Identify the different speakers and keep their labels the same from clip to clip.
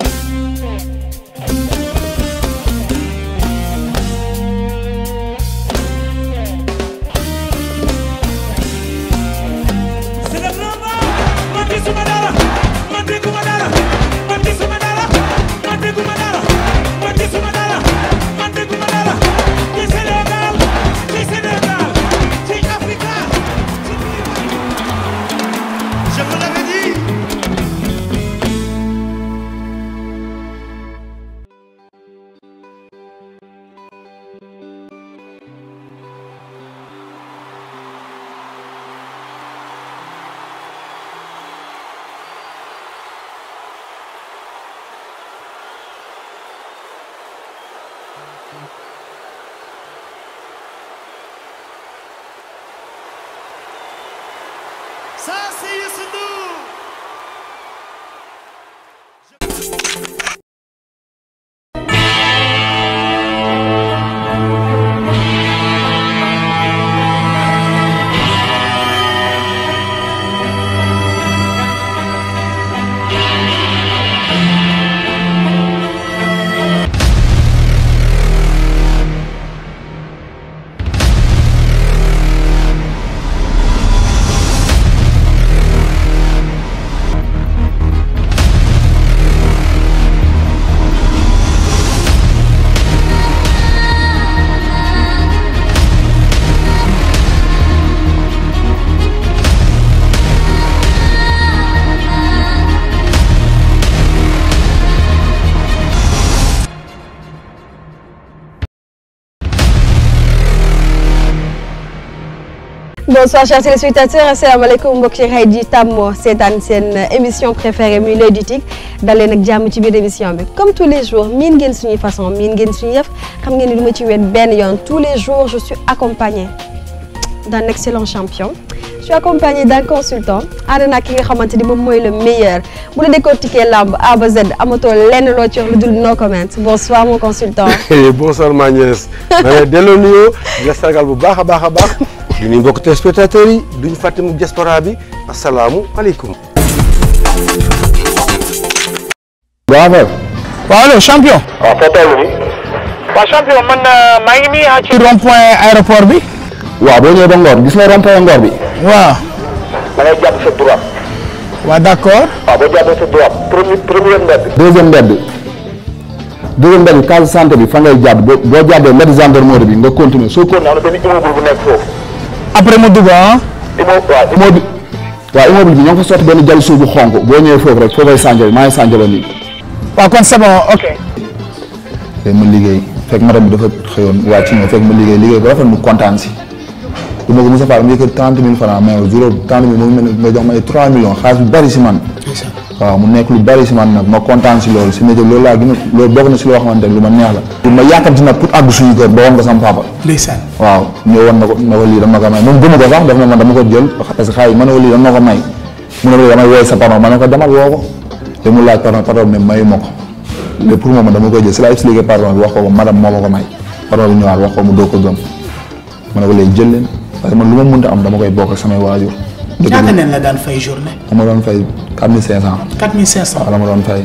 Speaker 1: Thank you. さあ声優寸胴
Speaker 2: bonsoir chers téléspectateurs asalaamaaleykum mbokk ci xëy ji tàmm seetaan émission préférée muy l'Oeil du Tigre dal leen ak jàmm ci biir émission bi comme tous les jours miin ngeen suñuy façon miin ngeen suñu yëf xam ngeen ni du ma ci wet benn yoon tous les jours je suis accompagnée d'un excellent champion je suis accompagnée d'un consultant ànd naa ki nga xamante ni moom mooy le meilleur bu la décortiquer lamb A ba Z amatoo lenn loo ci wax lu dul no comment bonsoir mon consultant.
Speaker 3: bonsoir ma Niès. ma ne delloo nuyoo nga sargal bu baax a baax a baax. li ñu mbokk téléspectateurs yi duñ fàtte mu diaspora bi asalaamu aleykum
Speaker 4: Babacar waaw champion
Speaker 5: man euh, maa ngi nii ah, ci rond point bi waaw boo ñëwee ba Ngor gis nga rond bi waaw da ngay jàpp sa droit waaw d'accord boo jàppee sa droit premier premier deuxième mbedd deuxième mbedd case santé bi fa ngay jàpp boo boo jàppee mbedd gendarmerie bi nga continuer soo continuer am na benn bu nekk foofu après mu dugg ah. immeuble waaw immeuble bi ñoo ngi ko sotti benn jal suuf bu xonk boo ñëwee foofu rek foofay sànjal maa ngi sànjaloon nii. waaw kon c'est bon ok. léegi ma liggéey fekk madame bi dafa xëyoon wàcc ñëw fekk ma liggéey liggéey ba rafet mu kontaan si. bu ma ko Moussa Fall mu yëkkati trente mille francs mais juróom trente mille mu mel ne nga jox ma ay trois millions xaalis bu bari si man. waaw mu nekk lu bari si man nag ma kontaan si loolu si météo loolu laa gën a loolu bokk na si loo xamante ne lu ma neex la. ma yàkkamti nag pour àgg suñu kër ba woon ko dama ko man dama moom dama la expliqué ko ko madame ma ko may papa bi ñëwaat wax mu doo ko gëm ma ne ko léegi jël leen parce man lu ma mënta am dama koy bokk ak samay waajur ñaata neen la daan fay journée. dama doon fay quatre mille cinq cent. quatre mille cinq cent waaw dama doon fay.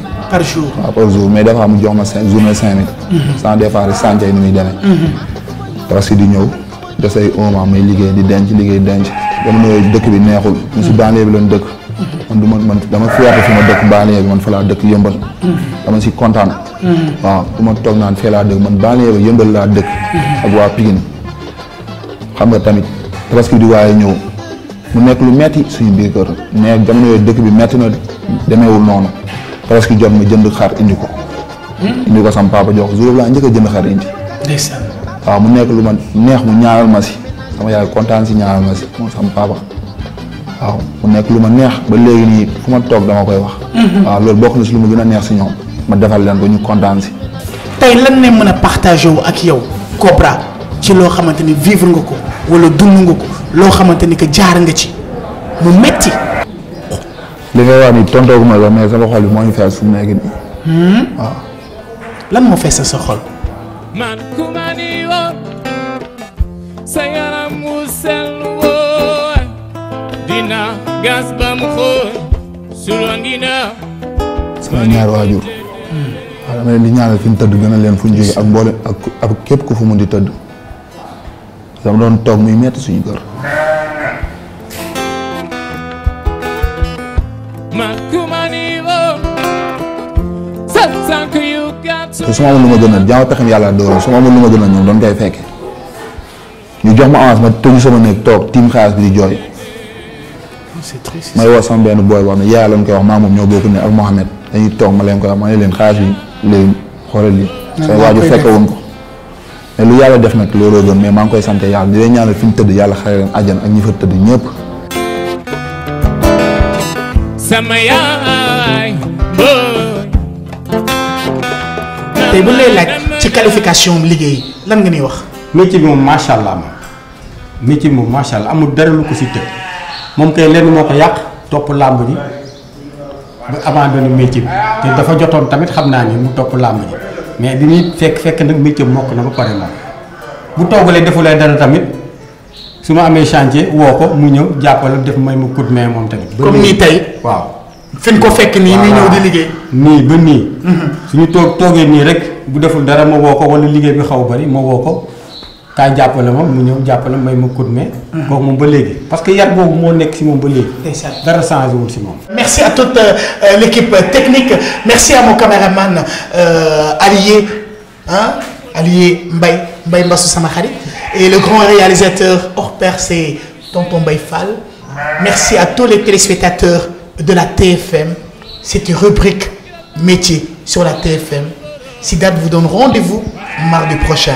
Speaker 5: mais des mu jox ma cinq journée cinq mille. Mhm. sans départ rek sant ni muy demee. tabaski mhm. di ñëw desay un mois may liggéey di denc liggéey denc. ba mu dëkk bi neexul. ñu si banlieue bi lañ dëkk. Mhm. man du ma man dama fiyaatu fi ma dëkk banlieue bi man fa laa dëkk yëmbal. dama si kontaan. waaw du ma toog naan fee laa dëkk man banlieue bi yëmbal laa dëkk. ak waa Pikine xam nga tamit tabaski di waaye ñëw. mu nekk lu metti suñu biir kër mais jamono dëkk bi metti na demeewul noonu presque jot ma jënd xar indi ko. Hmm? indi ko sama papa jox jour laa njëkk jënd xar indi. ndeysaan. waaw mu nekk lu ma neex mu ñaanal ma si yaay kontaan si ñaanal ma si mu nekk lu ma neex ba léegi nii fu ma toog dama koy wax. Hmm. waaw loolu bokk na si lu ma gën a neex si ñoom ma defal leen ko ñu kontaan si. tey lan ne mën a partagé ak yow
Speaker 4: Cobra ci loo xamante ni vivre nga ko. wala dund nga ko loo xamante ni que jaar nga ci
Speaker 6: mu metti
Speaker 5: li ngay wax ni tontoo ma la mais sama xol bi moo ñu fees fu mu nekk nii.
Speaker 6: Hmm? sa xol. man ku ni woon sa mu sell woon dina gas ba mu xool suloon dina.
Speaker 1: sama ñaar
Speaker 5: waajur. Hmm. waaw dama leen di ñaanal fi ñu tëdd gën a leen fu ñu jógee ak mboole ak képp ku fu mun di tëdd. dama doon toog muy metti suñu kër. te su ma amul lu ma gënal jaamu pexem yàlla dóoram su ma amul lu ma gënal ñoom doon kay fekke ñu jox ma avance ma tëju sama néeg toog tiim xaalis bi di jooy. may woo sama benn booy boo xam ne yaa lañ koy wax maa ñoo bokk ne ak Mohamed dañuy toog ma leen koy wax ma ne leen xaalis bi léegi xoolal yi. sa waaju fekke wuñ ko. mais lu yàlla def nag looloo gën mais maa ngi koy sant yàlla di leen ñaanal fi ñu tëdd yàlla xare leen àjjana ak ñi fa tëdd ñëpp.
Speaker 6: sama yaay
Speaker 4: tey bu liggéey lan nga ñuy wax. métier bi allah ma métier bi moom macha allah amul dara lu
Speaker 3: moo ko yàq topp làmb ji ba abandonné métier bi te dafa jotoon tamit xam naa ni mu topp làmb ji. mais bi muy fekk fekk nag métier mokk na ba pare moom bu toogalee defulee dara tamit su ma amee chantier woo ko mu ñëw jàppale def may mu coûte mais moom tamit. comme nii tey waaw. fi ko fekk nii muy ñëw di liggéey. nii ba nii. Mhm. suñu toog toogee nii rek bu deful dara ma woo ko wala liggéey bi xaw bari ma woo ko. kaay jàppale ma mu ñëw jàppale may ma coup de main. moom ba léegi parce que yar boobu moo nekk
Speaker 4: si moom ba léegi. dara changé wul si moom. merci à toute euh, l'équipe technique merci à mon caméraman euh, allié allié Mbaye Mbaye Mbassou sama xarit et le grand réalisateur hors pair c'est tonton Mbaye Fall merci à tous les téléspectateurs de la TFM c'était rubrique métier sur la TFM Sidath vous donne rendez-vous mardi prochain.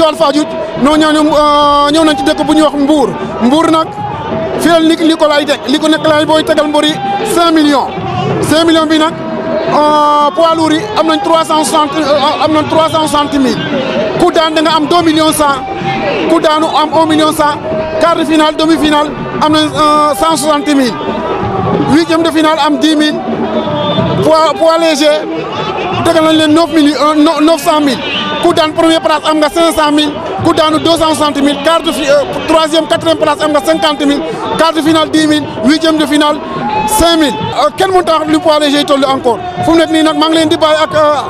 Speaker 4: Joal Fadiouth ñoo ñëw euh, ñëw nañ ci dëkk bu ñuy wax Mbour Mbour nag fii la li li li ko nekk laay booy tegal mbër yi 5 millions 5 millions nag euh, poids lourds am nañ 360 euh, am nañ 360 mille ku daan da nga am 2 millions
Speaker 1: 100
Speaker 4: ku daanu am 1 million 100 quart de finale demi finale am nañ 160 mille huitième de finale am 10 mille poids poids léger nañ leen 9 millions 900 mille. ku daan première place am nga 500000 ku daanu 260000 quart de fi euh, troisième place am nga 50000 quart de finale 10000 huitième de finale 5000. Euh, kenn mënut a wax lu poids léger yi toll encore fu mu nekk nii nag maa leen di ak euh,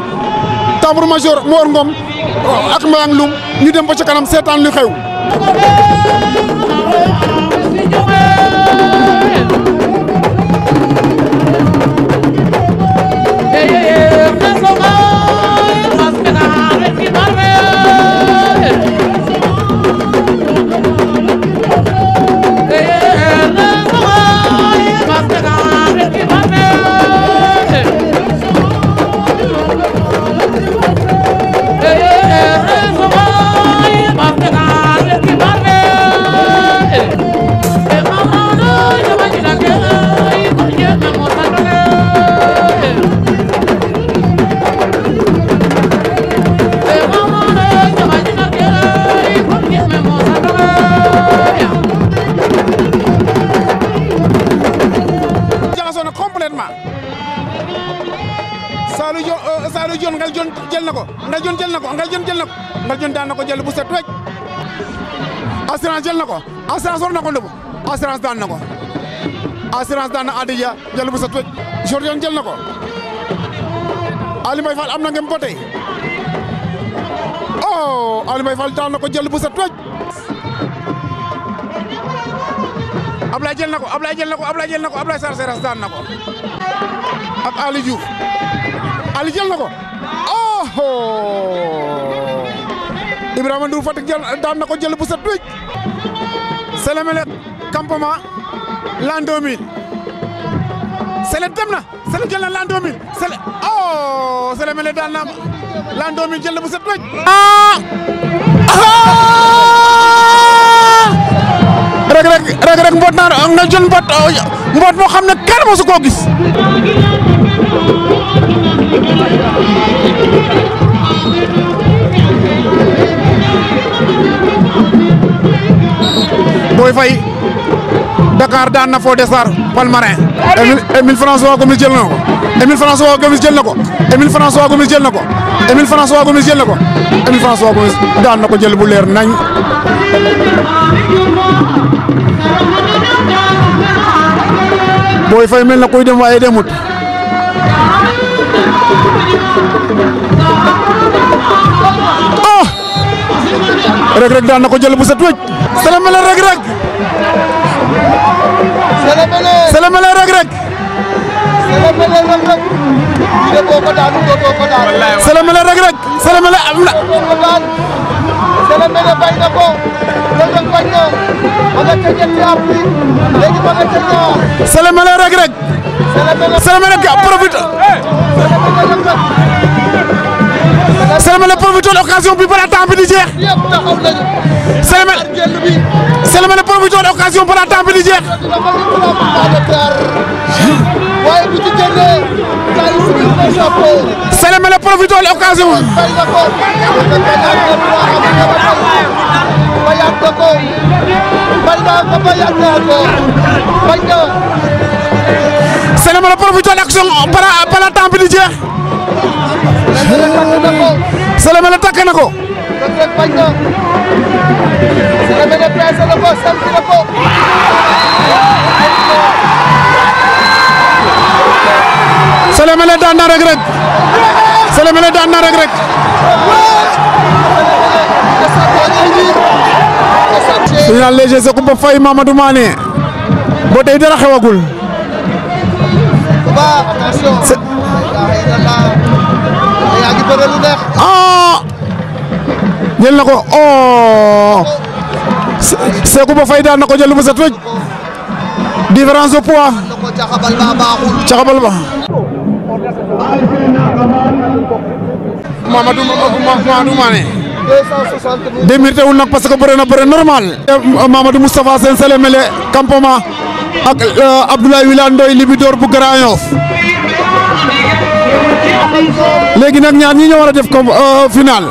Speaker 4: tambour major Mor Ngom ak Mbayang Loum ñu dem ba ca kanam seetaan lu xew. assurance daan na ko assurance daan na Adja jël bu sa tuuti ko Ali Mbaye Fall am na ngeen ba tey oh, Ali Mbaye Fall daan ko jël bu sa tuuti Ablaye ko Ablaye jël ko Ablaye jël na ko Ali Diouf Ali jël ko oh Ibrahima Ndour Fatick jël daan ko jël bu sa tuuti campement l'an 2000 Sélé dem na Sélé jël na l'an 2000 Sélé oh Sélé mel na l'an 2000 jël na bu set wécc. Reug ah! ah! Reug Reug Reug mboot naa na jël mboot oh, mboot moo xam ne kenn mosu koo gis. Boy Faye. Dakar daan na Fodé Sarr Palmarin. Émile François Gomis jël na ko. Gomis jël na ko. Émile François Gomis jël na ko. Émile François Gomis jël na ko. Émile François Gomis daan na ko jël bu leer nañ. Boy Faye mel na kuy dem waaye demut. ah. Reug daan na ko jël bu set wécc. salaamaaleykum Reug Reug. c'est le meilleur Reug Reug. c'est le meilleur Reug boo ko daanu dootoo ko daanu. wallaay waay c'est le meilleur Reug Reug. c'est le ko. Reug Reug na. ma nga ca ñetti am bi. ma nga ca ñaar. c'est le meilleur Reug Reug. c'est le meilleur c'est le meilleur profite. Sélé Méné profité occasion bi balaa temps jeex. Sélé Méné Sélé Méné profité occasion balaa jeex. Sélé Méné profité occasion. Sélé Méné profité jeex. Sélé Mélé takk na ko. Reug bañ na. Sélé Mélé peese na ko sant na ko. Sélé Mélé daan na Reug Reug. Sélé Mélé daan na Reug
Speaker 1: Reug. Su ñu naan léegi
Speaker 4: sa kumpa fay Mamadou Mané. Boo tey dara xewagul. ah jël na
Speaker 6: ko oh
Speaker 4: Seeku ba fay na ko jël mu set wecc différence de poids caxabal ba Mamadou Mamadou Mané démérité parce que bëre na bëre Mele Kampoma ak euh, Abdoulaye Wilane Ndoye Libidor bu Grand léegi nag ñaar ñi ñoo war def comme euh, final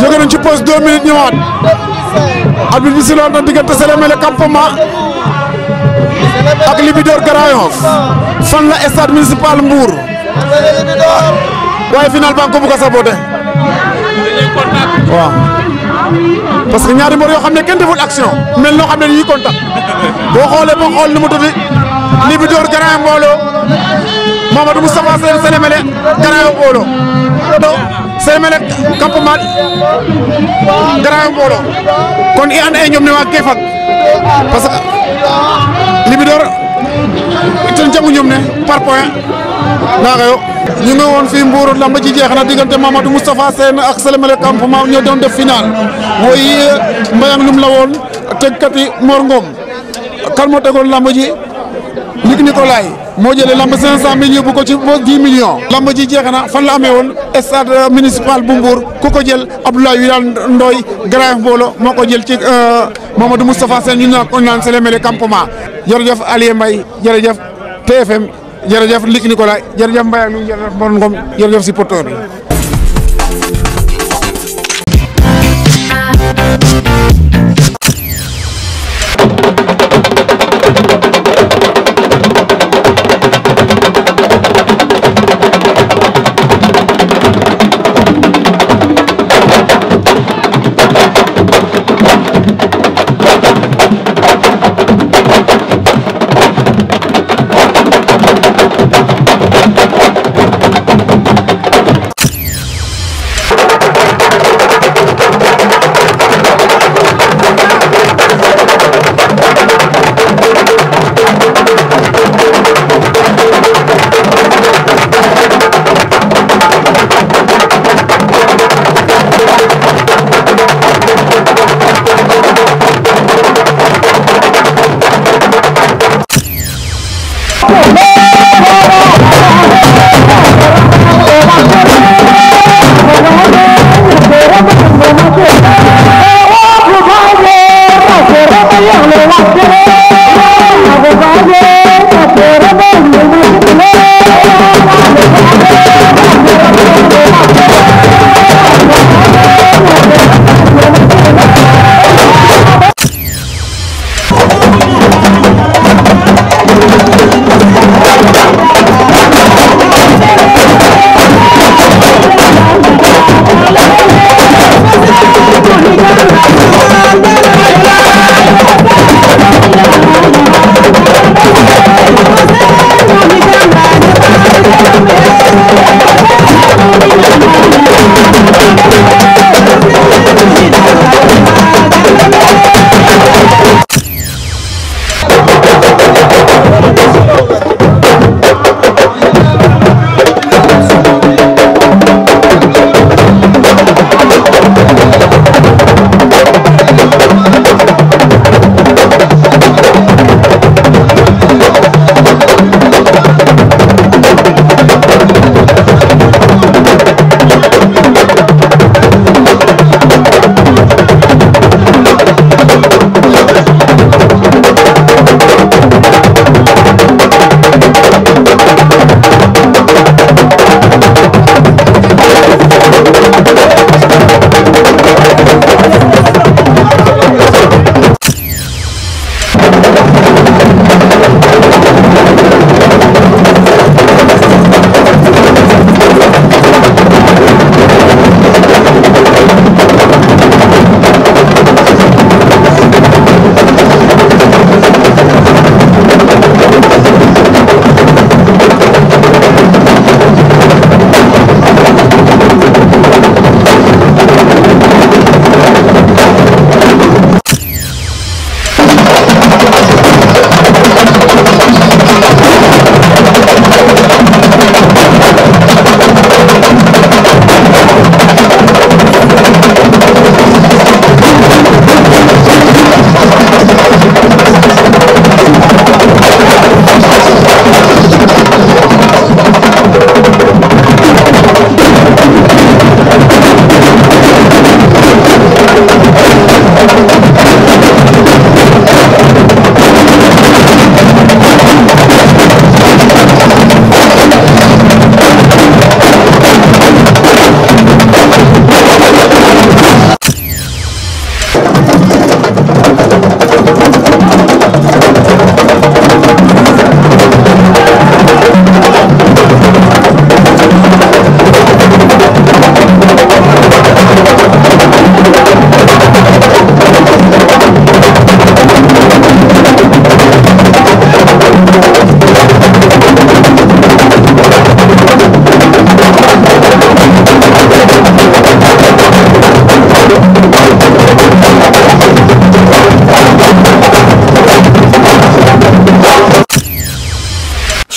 Speaker 4: jóge nañ ci poste deux minutes ñëwaat arbitre bi si loon na diggante Sélémélé Campement ak Libidor Grand fan la stade municipal Mbour waaye final ba ko bugg a saboté parce que ñaari mbër yoo xam ne kenn deful action mel noo xam ne dañuy contact boo xoolee ba xool ni mu tudd Libidor Grand Mbolo Mamadou Moustapha Sène Sénémélé Grand Mbolo donc Sénémélé Kampumane Grand Mbolo kon i and e ñoom ne waag ke parce que Libidor ten jamu ñoom ne par point naaga yo woon fii Mbour lamb ji jeex na diggante Mamadou Moustapha Sène ak Sénémélé Kampumane doon def final mooy mbayang lum woon tegkati Mor Ngom kan moo tegoon lamb Luc Nicolaï moo jëlee lamb 500 millions bu ko ci ba 10 millions. lamb ji jeex na fan la amee woon stade municipal bu Mbour ku ko jël Abdoulaye Wilane Ndoye Garaaf Mbolo moo ko jël ci euh, Mamadou Moustapha Sène ñu naan on naan Sélémélé campement jërëjëf Aliou Mbaye jërëjëf TFM jërëjëf Luc Nicolaï jërëjëf Mbaye ak Luc jërëjëf Mor Ngom jërëjëf supporteur bi.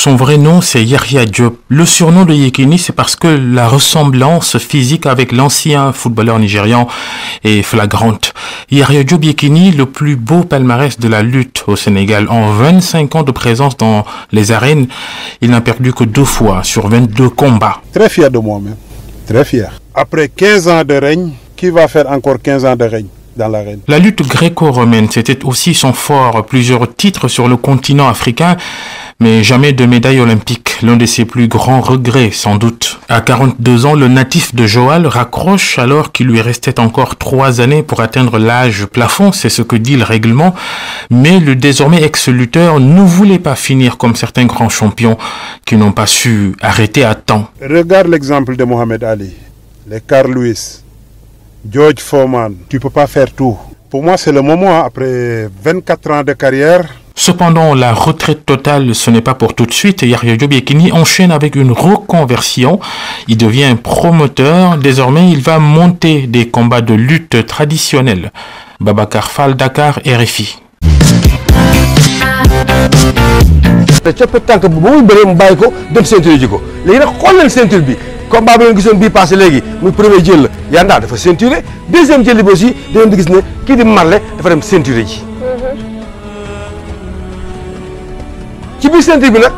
Speaker 6: Son vrai nom, c'est Yahya Diop. Le surnom de Yekini, c'est parce que la ressemblance physique avec l'ancien footballeur nigérian est flagrante. Yahya Diop Yekini, le plus beau palmarès de la lutte au Sénégal. En 25 ans de présence dans les arènes, il n'a perdu que deux fois sur 22 combats. Très fier de moi-même. Très fier.
Speaker 4: Après quinze ans de règne, qui va faire encore quinze ans de règne
Speaker 6: dans l'arène. La lutte gréco-romaine, c'était aussi son fort. Plusieurs titres sur le continent africain, mais jamais de médaille olympique. L'un de ses plus grands regrets, sans doute. À ans, le natif de Joal raccroche alors qu'il lui restait encore trois années pour atteindre l'âge plafond, c'est ce que dit le règlement. Mais le désormais ex-lutteur ne voulait pas finir comme certains grands champions qui n'ont pas su arrêter à temps.
Speaker 4: George Foreman, tu peux pas faire tout. Pour moi, c'est le moment, après 24 ans de carrière.
Speaker 6: Cependant, la retraite totale, ce n'est pas pour tout de suite. Yahya Diop enchaîne avec une reconversion. Il devient promoteur. Désormais, il va monter des combats de lutte traditionnels. Babacar Fall, Dakar,
Speaker 3: combat bi ngeen gisoon bii passé léegi muy premier jël la Yanda dafa ceinturé deuxième jël bi aussi di gis ne kii di Marley dafa dem ceinturé ji. ci biir ceinture bi nag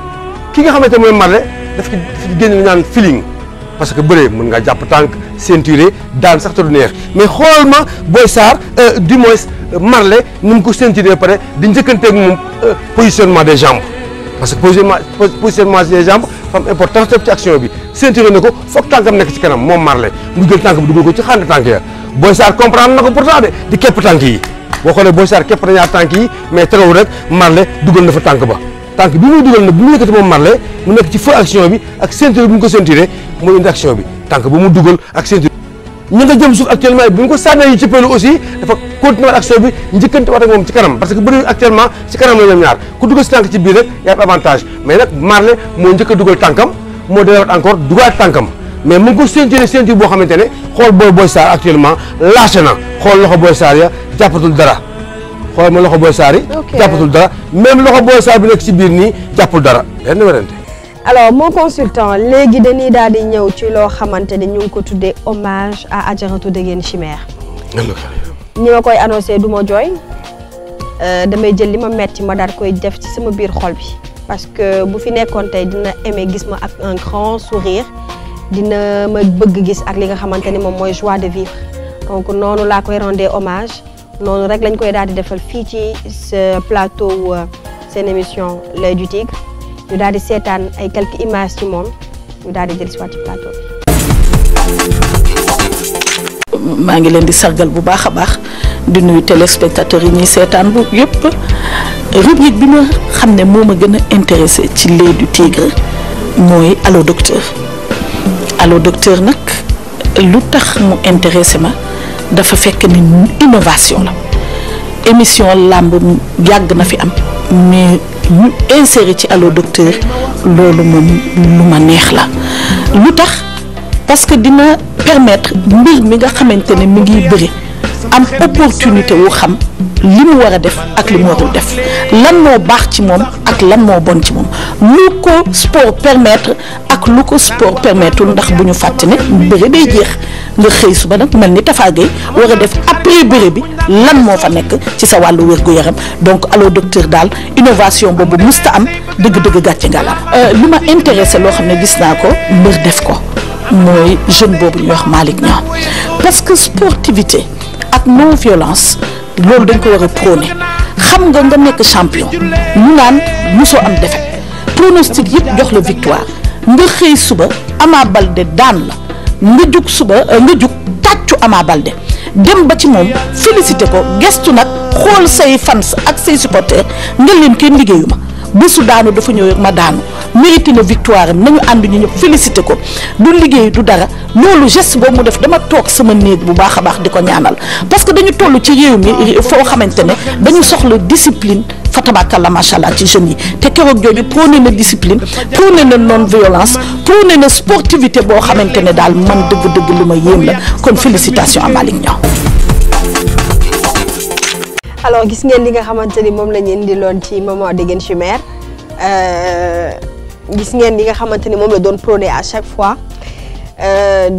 Speaker 3: ki nga xamante mooy Marley daf ci génn naan feeling parce que bëree mën nga jàpp tànk ceinturé daan sax te mais xoolal ma Boy Sarr euh, du moins euh, Marley ni mu ko ceinturé ba pare di njëkkanteeg moom euh, positionnement des jambes parce que positionnement positionnement des fa important importance def ci action bi ceinture ne ko foog tànkam nekk ci kanam moom Marley mu jël tànk bi dugal ko ci xànd tànk ya Boy Sarr comprendre na ko pourtant de di képp tànk yi boo xoolee Boy Sarr képp na ñaar tànk yi mais terewul rek Marley dugal na fa tànk ba tànk bi muy dugal na bi mu yëkkati moom Marley mu nekk ci feu action bi ak ceinture bi mu ko ceinturé mooy indi action bi tànk ba mu dugal ak ceinture ñu nga jëm suuf actuellement bu ñu ko sànnee yi ci pelu aussi dafa continuer ak action bi moom ci kanam parce que bëri actuellement ci kanam la ñoom ñaar ku dugal si tànk ci biir rek yaa avantage mais nag moo njëkk a tànkam moo delluwaat encore dugaat tànkam mais mu ngi ko séntu séntu boo xamante ne xool booy Boy Sarr actuellement lâché na xool loxo Boy Sarr ya jàppatul dara xool ma loxo booy Sarr yi jàppatul dara même loxo Boy Sarr bi nekk ci biir nii jàppul dara lenn werante
Speaker 2: alors mon consultant léegi dañuy daal di ñëw ci loo xamante ni ñu ngi ko tuddee hommage à Adjaratou Déguène Chimère. ñi ma koy annoncé du ma jooy euh, damay jël li ma metti ma daal koy def ci sama biir xol bi parce que bu fi nekkoon tey dina aimé gis ma ak un grand sourire dina ma bëgg gis ak li nga xamante ni moom mooy joie de vivre donc noonu laa koy rendre hommage noonu rek lañ koy daal di defal fii ci ce plateau euh, seen émission l'Oeil du Tigre. daal di seetaan ay quelques images ci moom daal di jël si waat
Speaker 1: maa ngi leen di sargal bu baax a baax du nuyu téléspectateurs yi ñuy seetaan bu yëpp rubrique bi ma xam ne moo ma gën a intéressé ci l'œil du tigre mooy allo docteur allo docteur nag lu tax mu intéressé ma dafa fekk ni innovation la émission làmb yàgg na fi am ñu inséré ci allo docteur loolu moom lu ma neex la lu tax parce que dina permettre mbir mi nga xamante ne mi ngi bëri. am opportunité wu xam li mu war a def ak li mu warul def lan moo baax ci moom ak lan moo bon ci moom lu ko sport permettre ak lu ko sport permettre ndax bu ñu fàtte ne bëre jeex nga xëy suba nag mel ni Tapha Gueye war a def après bëre bi lan moo fa nekk ci sa wàllu wér-gu-yaram donc allo docteur daal innovation boobu musta am dëgg-dëgg gàcce ngalaam euh, li ma intéressé loo xam ne gis naa ko mbër def ko mooy jeune boobu ñuy wax Malick Niang parce que sportivité ak non violence loolu dañ ko war a prôné xam nga nga nekk champion ñu naan mosoo am défaite pronostic yëpp jox la victoire nga xëy suba Ama balde daan la nga jug suba euh, nga jug tàccu Ama Baldé dem ba ci moom félicité ko gestu nag xool say fans ak say supporters nga leen kenn liggéeyu bésu daanu dafa ñëw rek ma daanu mérité na victoire am nañu ànd ñu ñëpp félicité ko du liggéey du dara loolu gest boobu mu def dama toog sama néeg bu baax a baax di ko ñaanal parce que dañu toll ci réew mi foo xamante ne dañu soxla discipline fa tabakalla macha allah ci jeunes yi te keroog jooju prôné na discipline prôné na non violence prôné na sportivité boo xamante ne daal man dëgg-dëgg lu ma yéem la kon félicitation à Malick Niang
Speaker 2: alors gis ngeen li nga xamante ni moom la ñu indiloon ci maman Déguène Chimère euh, gis ngeen li nga xamante ni moom la doon prôné à chaque fois euh,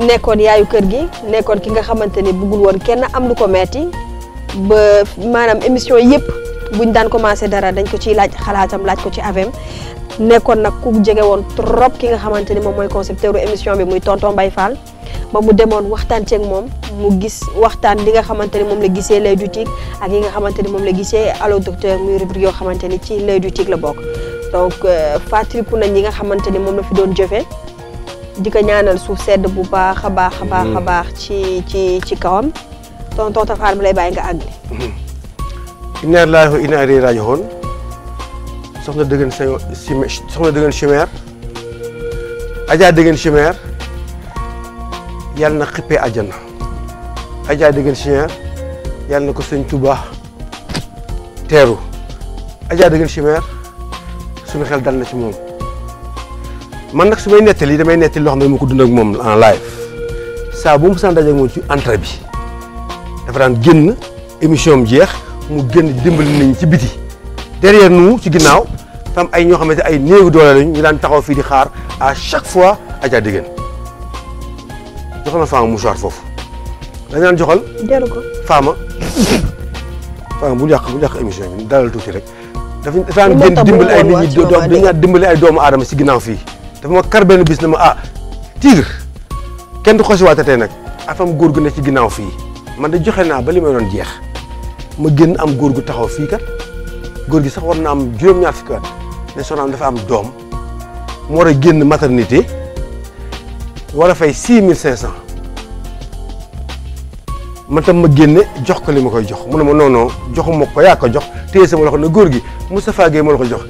Speaker 2: nekkoon yaayu kër gi nekkoon ki nga xamante ni bëggul woon kenn am lu ko metti ba maanaam émission yëpp buñ daan commencé dara dañ ko ci laaj xalaatam laaj ko ci avem nekkoon nag ku jege woon trop ki nga xamante ni moom mooy concepteur émission bi muy tonton bay Fall. ba mu demoon waxtaan ceeg moom mu gis waxtaan li nga xamante ne moom la gisee lait du tigre ak yi nga xamante ne moom la gisee allo docteur muy rubrique yoo xamante ni ci lait du tigre la bokk donc euh, fàttaliku nañ yi nga xamante ni moom la fi doon jëfee di ko ñaanal suuf sedd bu baax a baax a baax a mm. baax ci ci ci kawam tonton Tafaar mi lay bàyyi nga àgg.
Speaker 3: inna lillahi wa inna ilayhi raaji'uun soxna dëgën sa soxna dëgën chimère yàlla na xippee àjjana Adja Déguène Chimère yàlla na ko sëñ Touba teeru Adja Déguène Chimère suñu xel dal na ci moom man nag su may nettali damay nettali loo xam ne dama ko dund ak moom en live saa bu mu saan daje ak moom ci entrée bi dafa daan génn émission am jeex mu génn dimbali nañ ci biti derrière nous ci ginnaaw tam ay ñoo xam xamante ay néew doole lañu ñu daan taxaw fii di xaar à chaque fois Adja Déguène joxal ma faama mouchoir foofu dañ joxal. faama. faama bu ñu bu ñu yàq émission bi dalal tuuti rek. dafa dafa am gën dimbali ay nit dimbali ay doomu aadama si ginnaaw fii dafa ma kar benn bis ne ma ah Tigre kenn du xosiwaate tey nag afam góor gi ne ci ginnaaw fii man de joxe naa ba li may doon jeex ma génn am góor gu taxaw fii kat góor gi sax war na am juróom-ñaar fukki at ne soxnaam dafa am doom mu war a génn maternité. war a fay six mille cinq cent man tam ma génne jox ko li ma koy jox mu ne ma non non joxuma ko yaa ko jox téye sama loxo ne góor gi Moustapha Gueye moo la ko jox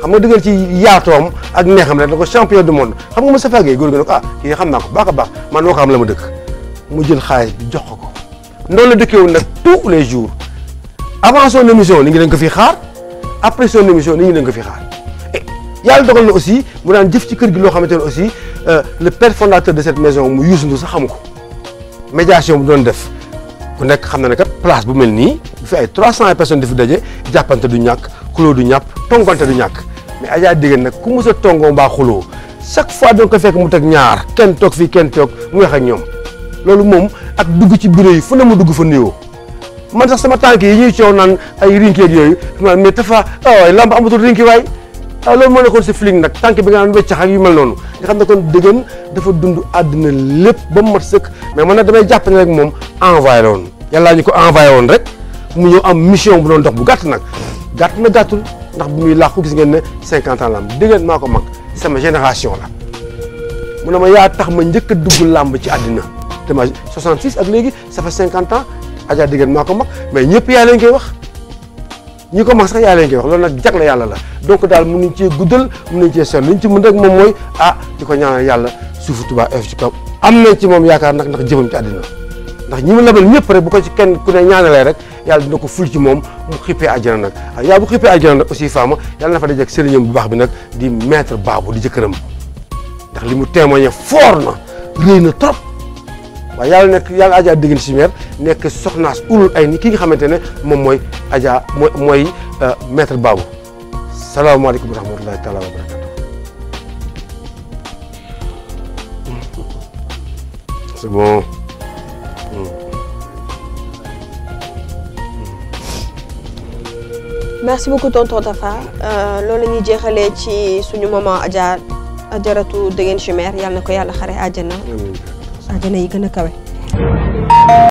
Speaker 3: xam nga dëggal ci yaatoom ak neexam rek na ko champion du monde xam nga Moustapha Gueye góor gi ne ko ah kii xam naa ko baax a baax man noo am la ma dëkk mu jël xaalis bi jox ko ko noonu la dëkkeewul nag tous les jours avant son émission ni ngi dañ ko fi xaar après son émission ni ngi dañ ko fi xaar yàlla dogal na aussi mu daan jëf ci kër gi loo xamante ne aussi euh, le père fondateur de cette maison mu Youssou Ndour sax xamu ko médiation bu doon def ku nekk xam na ne kat place bu mel nii bu fi ay 300 personnes di fi daje jàppante du ñàkk xuloo du ñàpp tongante du ñàkk mais Adja Dégène nag ku mos a tongoo mbaa xuloo chaque fois da nga fekk mu teg ñaar kenn toog fii kenn toog mu wax ak ñoom loolu moom ak dugg ci bureau yi fu ne mu dugg fa nuyoo man sax sama yi ñuy coow naan waaw ah, loolu moo nekkoon si Feeling nag tànk bi nga xam ne weccax ak yu mel noonu nga xam ne dafa dund àddina lépp ba mu mat sëkk mais man nag damay jàpp ne rek moom envoyé la woon yàllaa ñu ko envoyé woon rek mu ñëw am mission bu doon dox bu gàtt nag gàtt na gàttul ndax bu muy làqu gis ngeen ne cinquante ans la am dëggan maa ko mag sama génération la mu ne ma yaa tax ma njëkk a dugg làmb ci àddina te ma 66 ak léegi sa fait cinquante ans Adja dëggan maa mais ñëpp yaa leen koy wax ñi ko max sax yaa leen koy wax loolu nag jagle yàlla la donc daal mën nañ cee guddal mën nañ cee seet li ñu ci mën rek moom mooy ah ko ñaanal yàlla suufu Tuubaa ef ci kaw am nañ ci moom yaakaar nag ndax jëmam ci àddina ndax ñi mu labal ñëpp rek bu ko ci kenn ku ne rek yàlla dina ko ful ci moom mu xippee àjjana nag ah yaa bu xippee àjjana nag aussi faama yàlla na fa jek sëriñam bu baax bi nag di maître baabu di jëkkëram ndax li mu témoigné fort na réy na trop waaye yàlla nekk yàlla Adja Degene Chimère nekk soxnaas ulul ay ni ki nga xamante ne moom mooy Adja mooy mooy euh, maître Babou salaamaaleykum wa rahmatulahi taala wa barakatu c'est bon.
Speaker 2: merci euh, loolu la ñuy jeexalee ci suñu maman Adja Adjaratu Degene Chimère yàlla na ko yàlla xare àjjana ajana yi gën a kawe